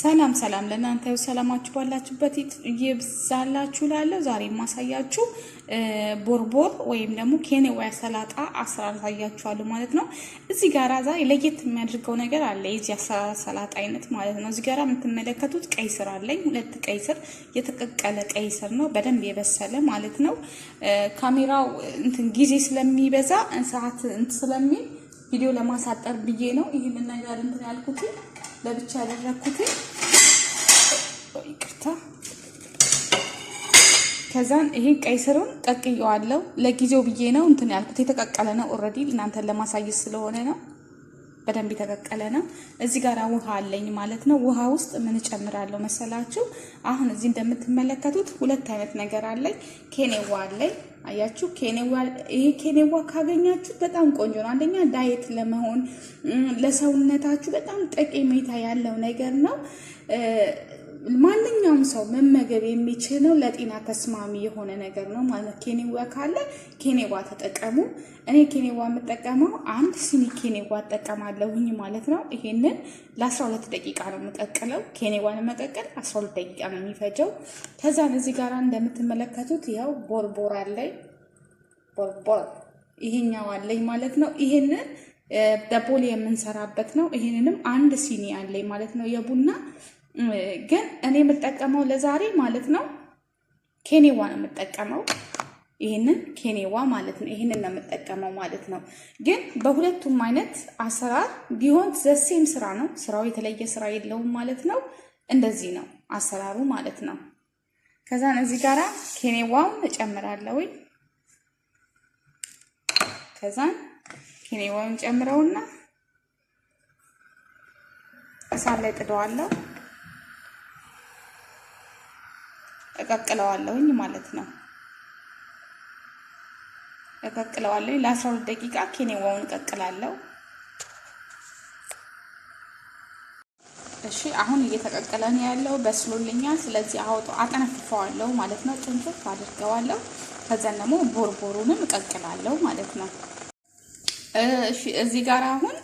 ሰላም ሰላም ለእናንተ ሰላማችሁ ባላችሁበት ይብዛላችሁ። ላለው ዛሬ የማሳያችሁ ቦርቦር ወይም ደግሞ ኬንያ ሰላጣ አሰራር አሳያችኋለሁ ማለት ነው። እዚህ ጋራ ዛሬ ለየት የሚያደርገው ነገር አለ። የዚህ አሰራር ሰላጣ አይነት ማለት ነው። እዚህ ጋር የምትመለከቱት ቀይ ስር አለኝ። ሁለት ቀይ ስር የተቀቀለ ቀይ ስር ነው፣ በደንብ የበሰለ ማለት ነው። ካሜራው እንትን ጊዜ ስለሚበዛ ሰዓት እንትን ስለሚል ቪዲዮ ለማሳጠር ብዬ ነው ይህንን ነገር እንትን ያልኩት። ለብቻ ያደረኩትን ይቅርታ። ከዛን ይሄን ቀይ ስሩን ቀቅየዋለሁ። ለጊዜው ብዬ ነው እንትን ያልኩት የተቀቀለ ነው ኦልሬዲ እናንተን ለማሳየት ስለሆነ ነው። በደንብ የተቀቀለ ነው። እዚህ ጋር ውሃ አለኝ ማለት ነው። ውሃ ውስጥ ምን እጨምራለሁ መሰላችሁ? አሁን እዚህ እንደምትመለከቱት ሁለት አይነት ነገር አለኝ። ኬኔዋ አለኝ አያችሁ ኬኔዋ። ይሄ ኬኔዋ ካገኛችሁ በጣም ቆንጆ ነው። አንደኛ ዳየት ለመሆን ለሰውነታችሁ በጣም ጠቀሜታ ያለው ነገር ነው። ማንኛውም ሰው መመገብ የሚችለው ለጤና ተስማሚ የሆነ ነገር ነው ማለት ኬኔዋ ካለ ኬኔዋ ተጠቀሙ። እኔ ኬኔዋ የምጠቀመው አንድ ሲኒ ኬኔዋ እጠቀማለሁኝ ማለት ነው። ይሄንን ለ12 ደቂቃ ነው የምቀቅለው። ኬኔዋን መቀቀል 12 ደቂቃ ነው የሚፈጀው። ከዛን እዚህ ጋር እንደምትመለከቱት ያው ቦርቦር አለኝ፣ ቦርቦር ይሄኛው አለኝ ማለት ነው። ይሄንን በቦል የምንሰራበት ነው። ይሄንንም አንድ ሲኒ አለኝ ማለት ነው የቡና ግን እኔ የምጠቀመው ለዛሬ ማለት ነው ኬኔዋ ነው የምጠቀመው። ይህንን ኬኔዋ ማለት ነው። ይህንን ነው የምጠቀመው ማለት ነው። ግን በሁለቱም አይነት አሰራር ቢሆን ዘሴም ስራ ነው። ስራው የተለየ ስራ የለውም ማለት ነው። እንደዚህ ነው አሰራሩ ማለት ነው። ከዛን እዚህ ጋራ ኬኔዋውን እጨምራለሁ። ከዛን ኬኔዋውን ጨምረውና እሳት ላይ ጥደዋለሁ። እቀቅለዋለሁኝ ማለት ነው። እቀቅለዋለሁ ለአስራ ሁለት ደቂቃ ኬኔዋውን እቀቅላለሁ። እሺ አሁን እየተቀቀለ ነው ያለው፣ በስሎልኛል። ስለዚህ አውጦ አጠነፍፈዋለሁ ማለት ነው። ጥንፍፍ አድርገዋለሁ። ከዛን ደግሞ ቦርቦሩንም እቀቅላለሁ ማለት ነው። እሺ እዚህ ጋር አሁን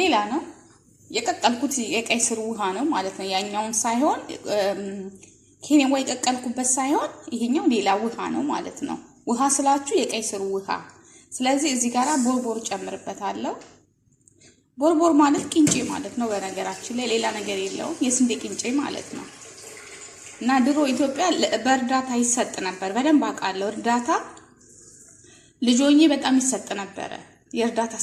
ሌላ ነው የቀቀልኩት የቀይ ስር ውሃ ነው ማለት ነው። ያኛውን ሳይሆን ይሄን ውሃ የቀቀልኩበት ሳይሆን ይሄኛው ሌላ ውሃ ነው ማለት ነው። ውሃ ስላችሁ የቀይ ስሩ ውሃ። ስለዚህ እዚህ ጋራ ቦርቦር ጨምርበታለሁ። ቦርቦር ማለት ቅንጬ ማለት ነው። በነገራችን ላይ ሌላ ነገር የለውም፣ የስንዴ ቅንጬ ማለት ነው። እና ድሮ ኢትዮጵያ በእርዳታ ይሰጥ ነበር፣ በደንብ አውቃለሁ። እርዳታ ልጆኜ በጣም ይሰጥ ነበረ። የእርዳታ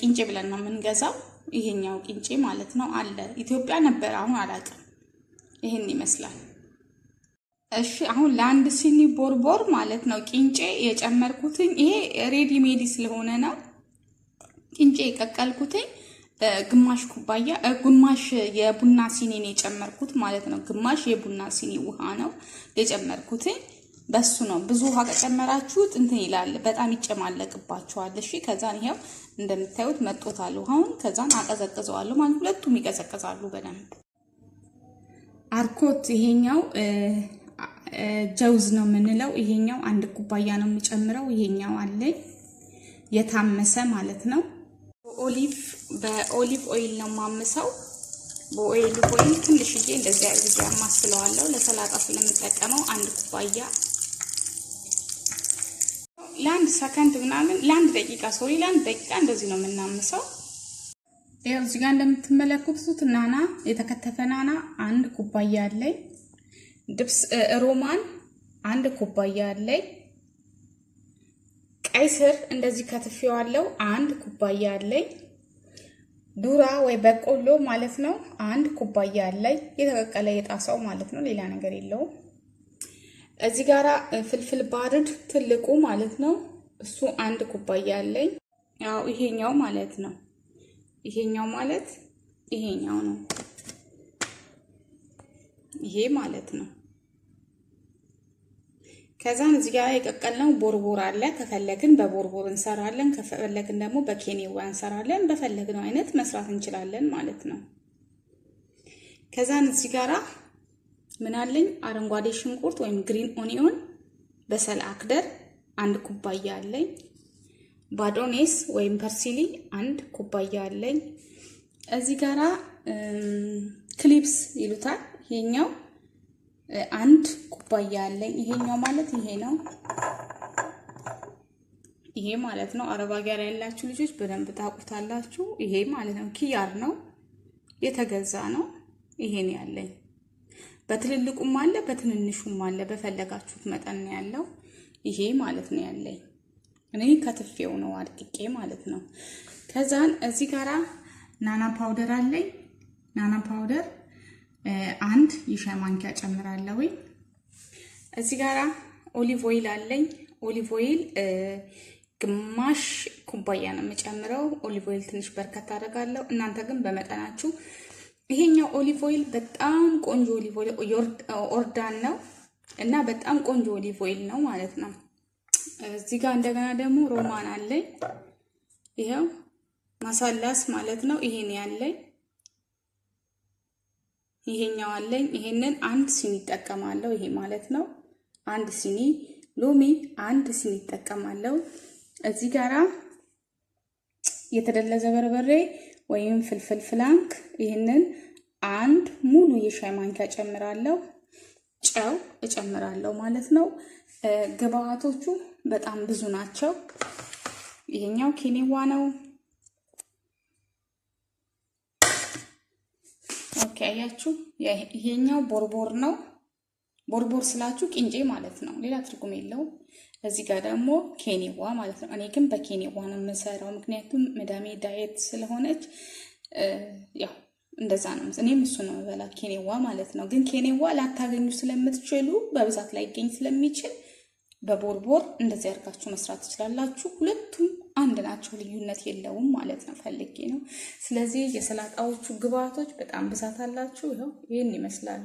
ቅንጬ ብለን ነው የምንገዛው። ይሄኛው ቅንጬ ማለት ነው አለ ኢትዮጵያ ነበር፣ አሁን አላውቅም። ይህን ይመስላል። እሺ አሁን ለአንድ ሲኒ ቦርቦር ማለት ነው ቂንጬ የጨመርኩትኝ ይሄ ሬዲ ሜዲ ስለሆነ ነው። ቂንጬ የቀቀልኩትኝ ግማሽ ኩባያ ግማሽ የቡና ሲኒን የጨመርኩት ማለት ነው። ግማሽ የቡና ሲኒ ውሃ ነው የጨመርኩትኝ። በሱ ነው ብዙ ውሃ ከጨመራችሁት እንትን ይላል፣ በጣም ይጨማለቅባችኋል። እሺ ከዛን ይሄው እንደምታዩት መጦታል ውሃውን። ከዛን አቀዘቅዘዋለሁ ማለት ሁለቱም ይቀዘቅዛሉ በደንብ አርኮት ይሄኛው ጀውዝ ነው የምንለው። ይሄኛው አንድ ኩባያ ነው የምጨምረው። ይሄኛው አለኝ የታመሰ ማለት ነው። ኦሊቭ በኦሊቭ ኦይል ነው ማምሰው። በኦይል ኦይል ትንሽዬ እንደዚህ አድርጌ አማስለዋለሁ። ለሰላጣ ስለምጠቀመው አንድ ኩባያ ለአንድ ሰከንድ ምናምን ለአንድ ደቂቃ ሶሪ፣ ለአንድ ደቂቃ እንደዚህ ነው የምናምሰው። ያው እዚህ ጋር እንደምትመለከቱት ናና፣ የተከተፈ ናና አንድ ኩባያ አለኝ። ድብስ ሮማን አንድ ኩባያ አለኝ። ቀይ ስር እንደዚህ ከትፌዋለሁ። አንድ ኩባያ አለኝ። ዱራ ወይ በቆሎ ማለት ነው። አንድ ኩባያ አለኝ። የተቀቀለ የጣሳው ማለት ነው። ሌላ ነገር የለውም። እዚህ ጋራ ፍልፍል ባርድ ትልቁ ማለት ነው። እሱ አንድ ኩባያ አለኝ። ያው ይሄኛው ማለት ነው። ይሄኛው ማለት ይሄኛው ነው። ይሄ ማለት ነው። ከዛም እዚህ ጋር የቀቀልነው ቦርቦር አለ። ከፈለግን በቦርቦር እንሰራለን፣ ከፈለግን ደግሞ በኬኔዋ እንሰራለን። በፈለግነው አይነት መስራት እንችላለን ማለት ነው። ከዛን እዚህ ጋራ ምን አለኝ አረንጓዴ ሽንኩርት ወይም ግሪን ኦኒዮን በሰል አክደር አንድ ኩባያ አለኝ። ባዶኔስ ወይም ፐርሲሊ አንድ ኩባያ አለኝ። እዚህ ጋራ ክሊፕስ ይሉታል ይሄኛው አንድ ኩባያ አለኝ። ይሄኛው ማለት ይሄ ነው፣ ይሄ ማለት ነው። አረብ ሀገር ያላችሁ ልጆች በደንብ ታውቁታላችሁ። ይሄ ማለት ነው፣ ኪያር ነው፣ የተገዛ ነው። ይሄን ያለኝ በትልልቁም አለ በትንንሹም አለ፣ በፈለጋችሁት መጠን ያለው። ይሄ ማለት ነው ያለኝ። እኔ ከትፌው ነው አድቅቄ ማለት ነው። ከዛን እዚህ ጋራ ናና ፓውደር አለኝ። ናና ፓውደር አንድ የሻይ ማንኪያ ጨምራለሁ። እዚህ ጋራ ኦሊቭ ኦይል አለኝ። ኦሊቭ ኦይል ግማሽ ኩባያ ነው የምጨምረው። ኦሊቭ ኦይል ትንሽ በርከት አደርጋለሁ። እናንተ ግን በመጠናችሁ። ይሄኛው ኦሊቭ ኦይል በጣም ቆንጆ ኦሊቭ ኦይል ኦርዳን ነው እና በጣም ቆንጆ ኦሊቭ ኦይል ነው ማለት ነው። እዚህ ጋር እንደገና ደግሞ ሮማን አለኝ። ይኸው ማሳላስ ማለት ነው። ይሄን ያለኝ ይሄኛው አለኝ። ይሄንን አንድ ሲኒ እጠቀማለሁ ይሄ ማለት ነው አንድ ሲኒ ሎሚ አንድ ሲኒ እጠቀማለሁ እዚህ ጋራ የተደለዘ በርበሬ ወይም ፍልፍል ፍላንክ ይህንን አንድ ሙሉ የሻይ ማንኪያ ጨምራለሁ። ጨው እጨምራለሁ ማለት ነው። ግብአቶቹ በጣም ብዙ ናቸው። ይሄኛው ኬኔዋ ነው። ኦኬ አያችሁ፣ ይሄኛው ቦርቦር ነው። ቦርቦር ስላችሁ ቅንጬ ማለት ነው። ሌላ ትርጉም የለው እዚህ ጋር ደግሞ ኬኔዋ ማለት ነው። እኔ ግን በኬኔዋ ነው የምሰራው፣ ምክንያቱም መዳሜ ዳየት ስለሆነች ያው እንደዛ ነው። እኔም እሱ ነው በላ ኬኔዋ ማለት ነው። ግን ኬኔዋ ላታገኙ ስለምትችሉ በብዛት ላይገኝ ስለሚችል በቦርቦር እንደዚህ አድርጋችሁ መስራት ትችላላችሁ። ሁለቱም አንድ ናቸው፣ ልዩነት የለውም ማለት ነው ፈልጌ ነው። ስለዚህ የሰላጣዎቹ ግብአቶች በጣም ብዛት አላችሁ። ይኸው ይህን ይመስላሉ።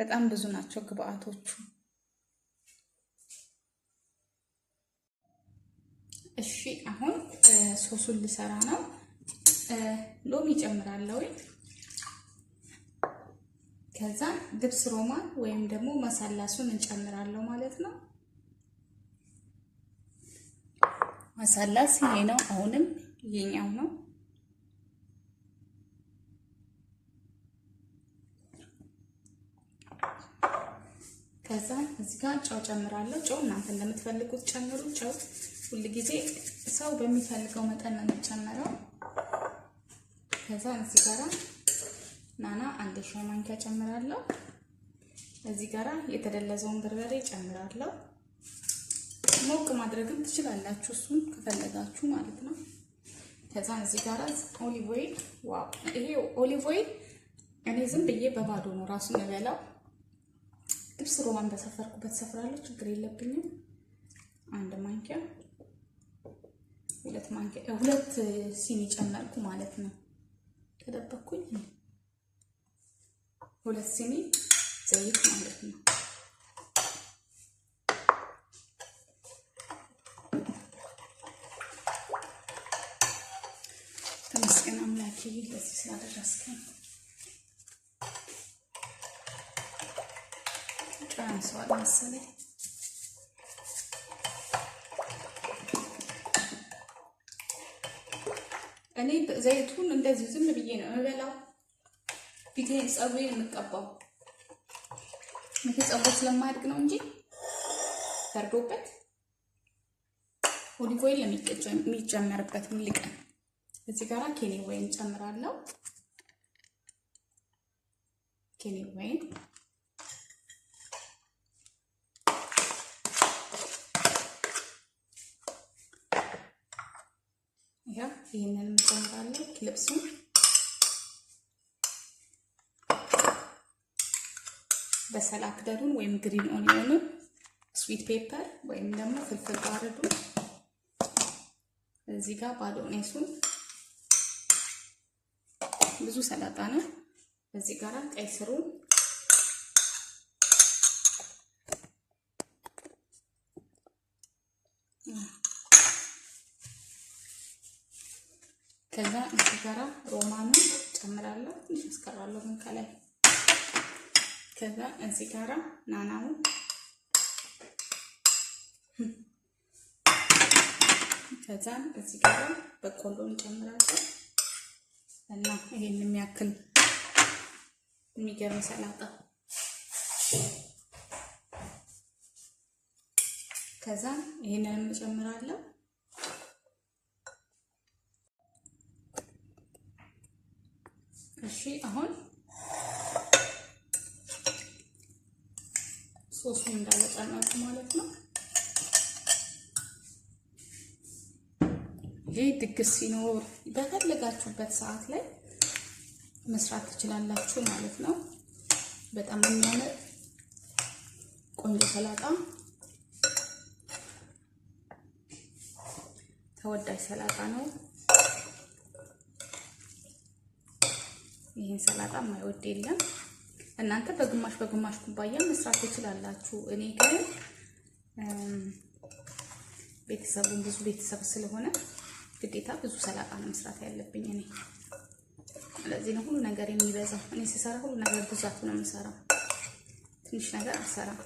በጣም ብዙ ናቸው ግብአቶቹ። እሺ አሁን ሶሱን ልሰራ ነው። ሎሚ ጨምራለሁ። ከዛ ድብስ ሮማን ወይም ደግሞ መሳላሱን እንጨምራለሁ ማለት ነው። ማሳላስ ይሄ ነው። አሁንም ይሄኛው ነው። ከዛ እዚህ ጋር ጨው ጨምራለሁ። ጨው እናንተ እንደምትፈልጉት ጨምሩ። ጨው ጊዜ ሰው በሚፈልገው መጠን ነው የሚጨመረው። ከዛ እዚህ ጋራ ናና አንድ ሻይ ማንኪያ ጨምራለሁ። እዚህ ጋራ የተደለዘውን በርበሬ ጨምራለሁ። ሞቅ ማድረግም ትችላላችሁ፣ እሱን ከፈለጋችሁ ማለት ነው። ከዛ እዚህ ጋር ኦሊቭ ኦይል ዋው! ይሄ ኦሊቭ ኦይል እኔ ዝም ብዬ በባዶ ነው ራሱ የበላው። ጥብስ ሮማን በሰፈርኩበት ሰፍራለሁ፣ ችግር የለብኝም። አንድ ማንኪያ ሁለት ማንኪያ ሁለት ሲኒ ጨመርኩ ማለት ነው። ተደበኩኝ። ሁለት ሲኒ ዘይት ማለት ነው። ለዚህ ስላደረስከኝ ጨንሰዋል መሰለኝ። እኔ ዘይቱን እንደዚህ ዝም ብዬ ነው የምበላው። ፊቴን፣ ፀጉሬን የምቀባው ይሄ ፀጉር ስለማያድግ ነው እንጂ ፈርዶበት ኦሊቮይል የሚጨመርበት ሙልቀን እዚህ ጋራ ኬኒ ወይን ጨምራለሁ። ኬኒ ወይን ያ ይህንን ጨምራለሁ። ልብሱን በሰላት ደሩን ወይም ግሪን ኦኒዮንን ስዊት ፔፐር ወይም ደግሞ ፍልፍል ባረዱን እዚህ ጋር ባዶኔሱን ብዙ ሰላጣ ነው። በዚህ ጋራ ቀይ ስሩን ከዛ እዚህ ጋራ ሮማኑ ጨምራለሁ፣ አስቀራለሁ ግን ከላይ ከዛ እዚህ ጋራ ናናው ከዛም እዚህ ጋራ በቆሎን ጨምራለሁ። እና ይሄን የሚያክል የሚገርም ሰላጣ ከዛ ይሄንን እንጨምራለን። እሺ አሁን ሶስቱ እንዳለ ጨመርኩ ማለት ነው። ይሄ ድግስ ሲኖር በፈለጋችሁበት ሰዓት ላይ መስራት ትችላላችሁ ማለት ነው። በጣም የሚያምር ቆንጆ ሰላጣ፣ ተወዳጅ ሰላጣ ነው። ይህን ሰላጣ ማይወድ የለም። እናንተ በግማሽ በግማሽ ኩባያ መስራት ትችላላችሁ። እኔ ግን ቤተሰቡን ብዙ ቤተሰብ ስለሆነ ግዴታ ብዙ ሰላጣ ነው መስራት ያለብኝ እኔ። ስለዚህ ነው ሁሉ ነገር የሚበዛው። እኔ ስሰራ ሁሉ ነገር ብዛቱ ነው የምሰራው፣ ትንሽ ነገር አልሰራም።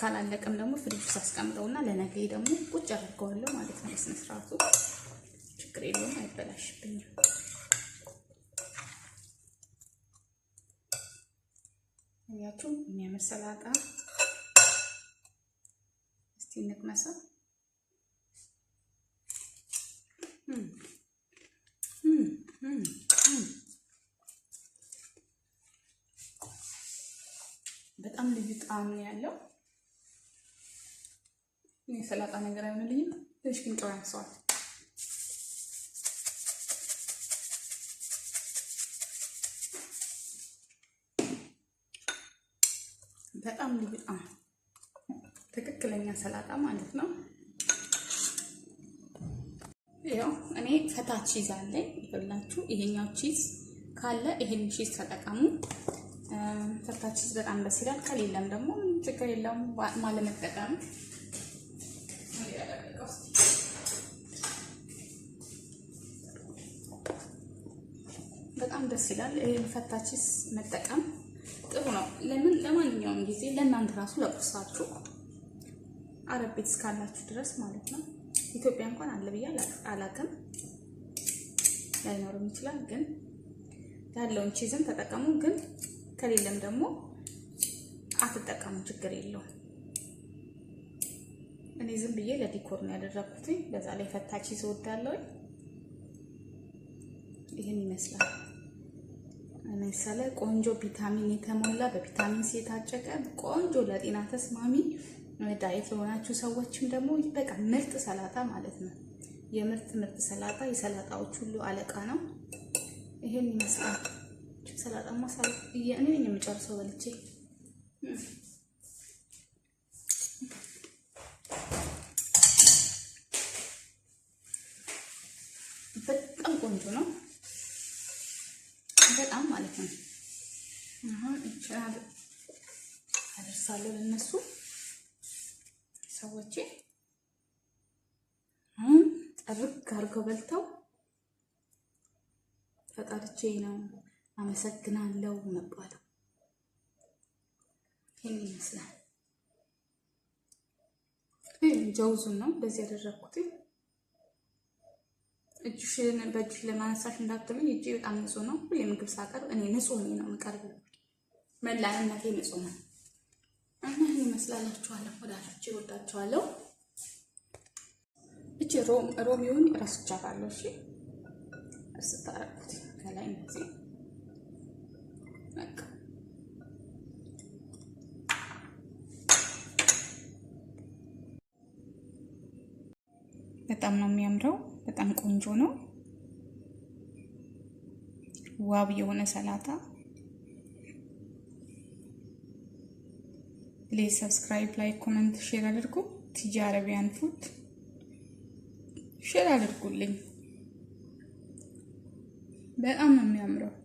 ካላለቀም ደግሞ ፍሪጅ ውስጥ አስቀምጠውና ለነገ ደግሞ ቁጭ አድርገዋለሁ ማለት ነው። በስነ ስርዓቱ ችግር የለውም፣ አይበላሽብኝም። ያቱም የሚያምር ሰላጣ እስቲ እንቅመሰው። በጣም ልዩ ጣዕም ነው ያለው። እኔ ሰላጣ ነገር አይሆንልኝም፣ ትንሽ ግን ጨው ያንሰዋል። በጣም ልዩ ጣዕም ትክክለኛ ሰላጣ ማለት ነው። ያው እኔ ፈታ ቺዝ አለ ይብላችሁ። ይሄኛው ቺዝ ካለ ይሄን ቺዝ ተጠቀሙ። ፈታ ቺዝ በጣም ደስ ይላል። ከሌለም ደግሞ ችግር የለውም ማለመጠቀም በጣም ደስ ይላል። ፈታ ቺዝ መጠቀም ጥሩ ነው። ለምን ለማንኛውም ጊዜ ለእናንተ ራሱ ለቁርሳችሁ አረብ ቤት እስካላችሁ ድረስ ማለት ነው። ኢትዮጵያ እንኳን አለ ብዬ አላቅም፣ ላይኖርም ይችላል። ግን ያለውን ቺዝም ተጠቀሙ። ግን ከሌለም ደግሞ አትጠቀሙ፣ ችግር የለውም። እኔ ዝም ብዬ ለዲኮር ነው ያደረኩት። በዛ ላይ ፈታ ቺዝ እወዳለሁ። ይህን ይመስላል መሰለ ቆንጆ ቪታሚን የተሞላ በቪታሚን ሲ የታጨቀ ቆንጆ ለጤና ተስማሚ ዳይት ለሆናችሁ ሰዎችም ደግሞ በቃ ምርጥ ሰላጣ ማለት ነው። የምርጥ ምርጥ ሰላጣ የሰላጣዎች ሁሉ አለቃ ነው። ይሄን ይመስላል። ማሳለፍ እኔ ነኝ የምጨርሰው በልቼ በጣም ቆንጆ ነው። በጣም ማለት ነው። አሁን እቺ አደርሳለሁ ለነሱ ሰዎች አሁን ጠርግ አድርገው በልተው ፈጣሪቼ ነው አመሰግናለው መባለው ይህን ይመስላል። ጀውዙን ነው እንደዚህ ያደረግኩት። እጅሽን በእጅሽ ለማነሳሽ እንዳትሉኝ፣ እጅ በጣም ንጹህ ነው። የምግብ ሳቀርብ እኔ ንጹህ ነው የምቀርብ መላንነቴ ንጹህ ነው። እና ይመስላላችኋለሁ። ወዳጆች ወዳችኋለሁ። እቺ ሮም ሮሚውን ረስቻታለሁ። እሺ ስታረቁት ከላይ እንደዚህ በጣም ነው የሚያምረው። በጣም ቆንጆ ነው። ዋብ የሆነ ሰላጣ ፕሌስ ሰብስክራይብ፣ ላይክ፣ ኮመንት፣ ሼር አድርጉ። ቲጂ አረቢያን ፉድ ሼር አድርጉልኝ። በጣም ነው የሚያምረው።